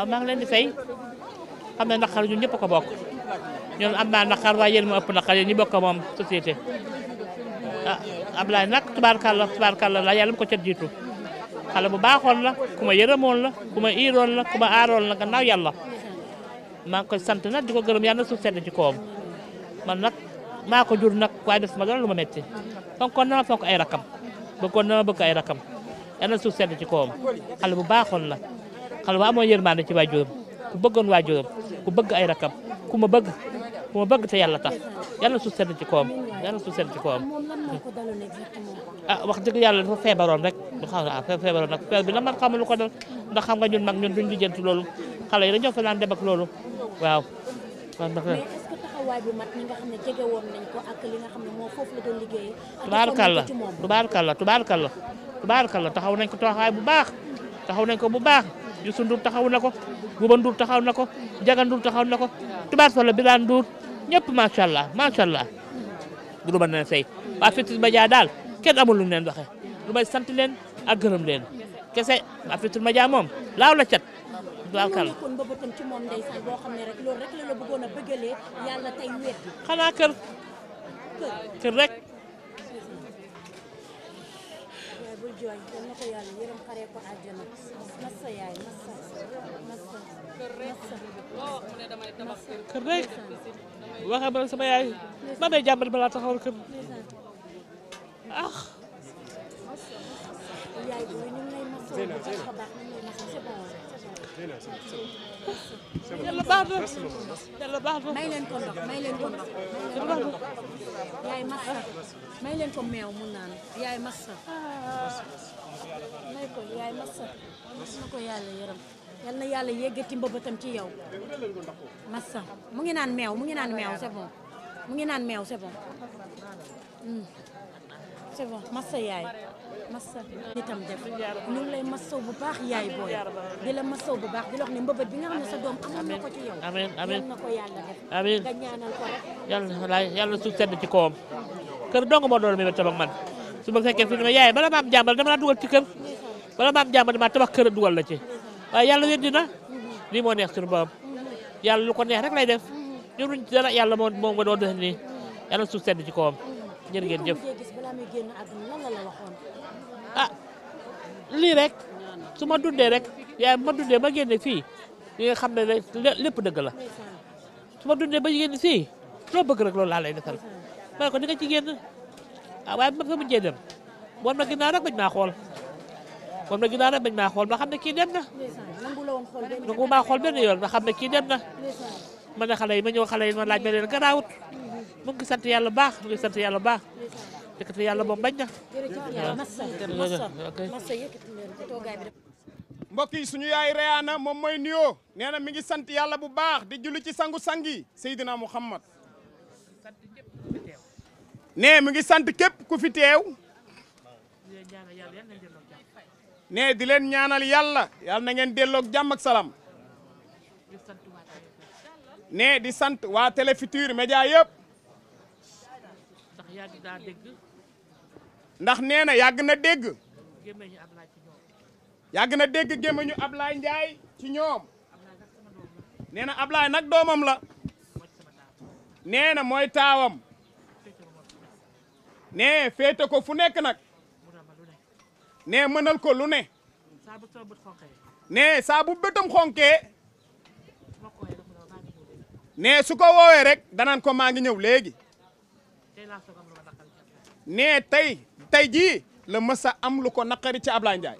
waaw maa ngi leen di fay xam na naqar ju ñëpp ko bokk ñoom am naa naqar waaye yéen mu ëpp naqar yéen ñi bokk moom société ah Ablaye nag tubaarkàlla tubaarkàlla la yàlla mu ko cat jiitu xale bu baaxoon la ku ma yërëmoon la ku ma iiroon la ku ma aaroon la gannaaw yàlla maa ngi koy sant nag di ko gërëm yàlla na suuf sedd ci kawam man nag maa ko jur nag waaye def ma dara lu ma metti fonkoon na ma fonk ay rakam bëggoon na ma bëgg ay rakam yàlla na suuf sedd ci kawam xale bu baaxool la xam ne waa amoon yërmande ci waajuram ku bëggoon waajuram ku bëgg ay rakam ku ma bëgg ku ma bëgg te yàlla tax yàlla suuf sedd ci kawam yàlla suuf sedd ci kawam ah wax dëgg yàlla dafa feebaroon rek lu xam ne ah feebaroon nag feebar bi la man xamul ko dal ndax xam nga ñun mag ñun duñ lijjanti loolu xale yi dañoo fa naan dem ak loolu waaw kon dafa taxawaay bu mat ñi nga taxaw nañ ko taxawaay bu baax taxaw nañ ko bu baax Youssou Ndour taxaw na ko Bouba taxaw na ko Ndiaga Ndour taxaw na ko tubaab fa la Birane Ndour ñëpp macha allah macha allah. groupe na sey waa daal kenn amul lu mu leen waxee lu may sant leen ak gërëm leen kese waa Futurs Médias moom laaw la cat. waaw kan a bëggalee yàlla rek. jooñ yal na ko yàlla yërëm xaree ko àjjana massa yaay massa massa massa kër rek waxee ma sama yaay ma may jàmbat balaa taxawal kër ah yaay booy ñu ngi lay massa bu baax a baax yàlla baax na yàlla may leen ko ndox may leen ko ndox. may leen ko meew mu naan yaay massa. may ko yaay na ko yàlla yërëm. yal na yàlla yeggati mbëbëtam ci yow. massa mu ngi naan meew mu ngi naan meew c'est mu ngi naan meew c'est c'est bon massa yaay massa nitam def ñu ngi lay massaw bu baax yaay booy di la bu baax di la wax bi nga ne sa doom amoon na ko ci yow amiin amiin na ko yàlla su sedd ci kawam kër dong moo doon mébét tabax man su ma fekkee fi ne ma yaay bala ma am jàmbal dama laa dugal ci bala ma am jàmbal dama tabax kër dugal la ci waaye yàlla weddi na lii moo neex suñu borom yàlla lu ko neex rek lay def ñun dara yàlla moo moo nga doon def nii yàlla suuf sedd ci kawam jërë ngeen a ah lii rek su ma dundee rek yaay ma dundee ba génne fii li xam ne rek lépp dëgg la su ma dundee ba génne fii loo bëgg rek loolu laa lay defal ma ne ko ni nga ci génn ah waaye ma fa mu jee dem war na ginnaaw rek bañ maa xool war na ginnaaw rek xool ma xam ne kii dem na nangu maa xool benn yoon ma xam ne kii dem na ma ne xale yi ma ñëw xale yi ma laaj ma leen mu sant yàlla baax mu ngi sant yàlla baax yëkkati yàlla moom bañ na. mbokk yi suñu yaay reyaana moom mooy nuyoo nee mi ngi sant yàlla bu baax di julli ci sangu sang yi Seydina Muhammad nee mi ngi sant képp ku fi teew. nee di leen ñaanal yàlla yàlla na ngeen delloog jàmm salaam. nee di sant waa Télé Futurs Médias yëpp. yàgg naa ndax nee na yàgg na dégg. gémmeñu Ablaye ci na dégg gémmeñu Ablaye Ndiaye ci ñoom. nee na Ablaye nag doomam la. nee na mooy taawam. nee féete ko fu nekk nag. nee mënal ko lu ne. nee saa bu bëtam xonkee. nee su ko woowee rek danaan ko maa ngi ñëw léegi. nee tey tey jii la mës a am lu ko naqari ci Ablaye Ndiaye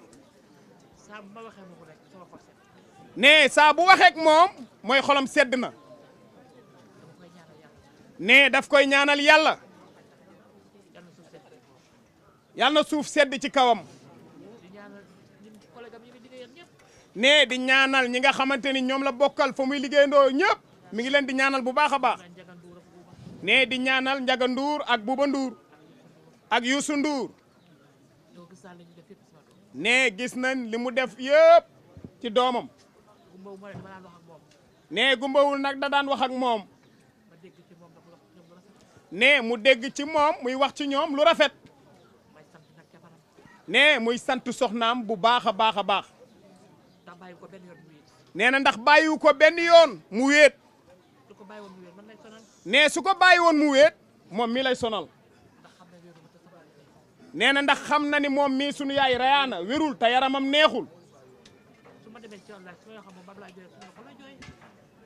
nee saa bu waxeek moom mooy xolam sedd na nee daf koy ñaanal yàlla yàlla na suuf sedd ci kawam nee di ñaanal ñi nga xamante ni ñoom la bokkal fa muy liggéeyandoo ñëpp mi ngi leen di ñaanal bu baax a baax ne di ñaanal Ndiaga ak Bouba ak Youssou Ndour ne gis nañ li mu def yëpp ci doomam ne gumbawul nag da daan wax ak moom ne mu dégg ci moom muy wax ci ñoom lu rafet ne muy sant soxnaam bu baax a baax a baax nee na ndax bàyyiwu ko benn yoon mu wéet ne su ko bàyyi woon mu wéet moom mi lay sonal nee na ndax xam na ni moom mii sunu yaay rayaana wérul te yaramam neexul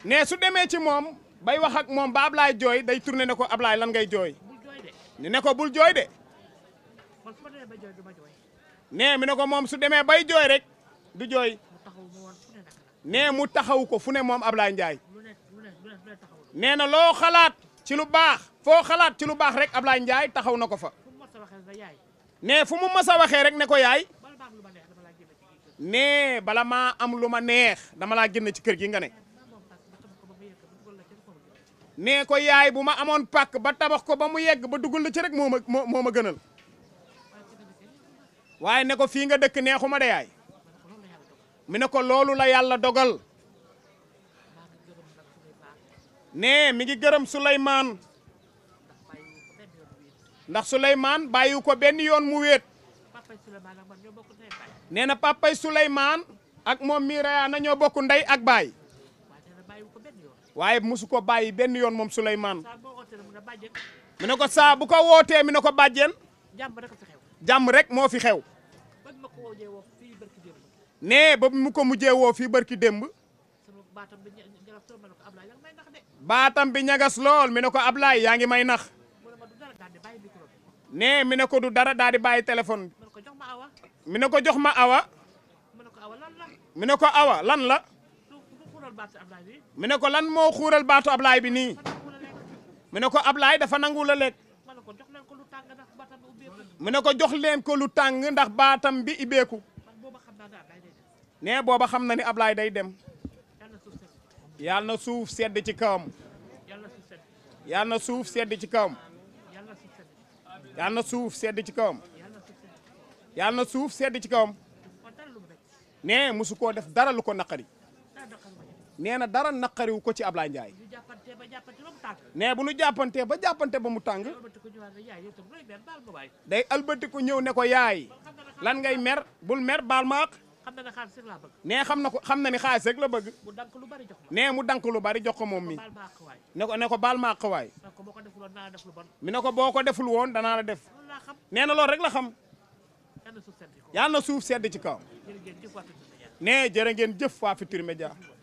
ne su demee ci moom bay waxak moom ba Ablaay jooy day tourné ne ko Ablaay lan ngay jooy ne ko bul jooy de nee mi ne ko moom su demee bay jooy rek du jooy nee mu taxaw ko fu ne moom Ablaay Njaay nee na loo xalaat ci lu baax foo xalaat ci lu baax rek Ablaye njaay taxaw na ko fa nee fu mu mas a waxee rek ne ko yaay ne bala maa am lu ma neex dama laa génn ci kër gi nga ne nee ko yaay bu ma amoon pàkk ba tabax ko ba mu yegg ba dugal la ci rek moo ma moo ma gënal waaye ne ko fii nga dëkk neexuma de yaay mu ne ko loolu la yàlla dogal nee mi ngi gërëm Souleymane ndax Souleymane bàyyiwu ko benn yoon mu wéet nee na papay Souleymane ak moom mii Rayane ñoo bokk ndey ak baay waaye musu ko bàyyi benn yoon moom Souleymane mu ne ko saa bu ko wootee mi ne ko bàjjen jàmm rek moo fi xew nee ba mu ko mujjee woo fii barki démb baatam bi ñagas lool mi ne ko Ablaay yaa ngi may nax ne mi ne ko du dara daal di bàyyi téléphone mi ne ko jox ma awa mi ne ko awa lan la mi ne ko lan moo xuural baatu Ablaay bi nii mi ne ko Ablaay dafa nangu la lekk mi ne ko jox leen ko lu tàng ndax baatam bi ibeeku ne booba xam na ni Ablaay day dem yàlla na suuf sedd ci kawam yàlla na suuf sedd ci kawam yàlla na suuf sedd ci kawam yàlla na suuf sedd ci kawam nee musu koo def dara lu ko naqari nee na dara naqariwu ko ci Ablaye Ndiaye nee bu nu jàppantee ba jàppante ba mu tàng day albatiku ñëw ne ko yaay lan ngay mer bul mer baal maaq xam na ne xaalis rek la bëgg. nee xam na ko xam na ne xaalis rek la bëgg. mu dank lu bari nee mu dank lu bari jox ko moom mi. ne ko ne ko baal ma àq waay. ne ko boo ko deful woon danaa la def lu mi ne ko boo ko deful woon danaa la def. nee na loolu rek la xam. yàlla na suuf sedd ci kaw. nee jërë ngeen jëf waa Futurs Médias.